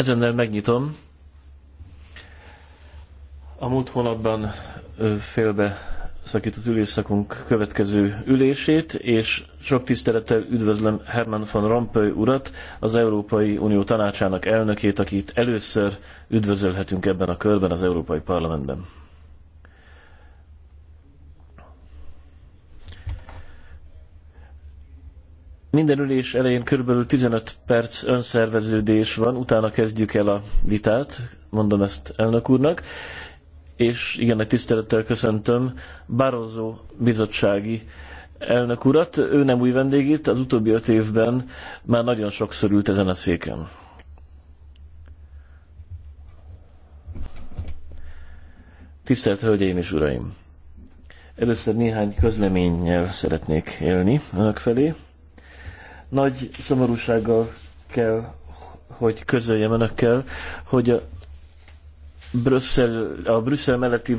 Ezennel megnyitom a múlt hónapban félbe szakított ülésszakunk következő ülését, és sok tisztelettel üdvözlöm Herman van Rompuy urat, az Európai Unió tanácsának elnökét, akit először üdvözölhetünk ebben a körben az Európai Parlamentben. Minden ülés elején kb. 15 perc önszerveződés van, utána kezdjük el a vitát, mondom ezt elnök úrnak, és igen, nagy tisztelettel köszöntöm Barozó bizottsági elnök urat. Ő nem új vendég itt, az utóbbi öt évben már nagyon sokszor ült ezen a széken. Tisztelt Hölgyeim és Uraim! Először néhány közleménnyel szeretnék élni önök felé. Nagy szomorúsággal kell, hogy közöljem önökkel, hogy a Brüsszel, a Brüsszel melletti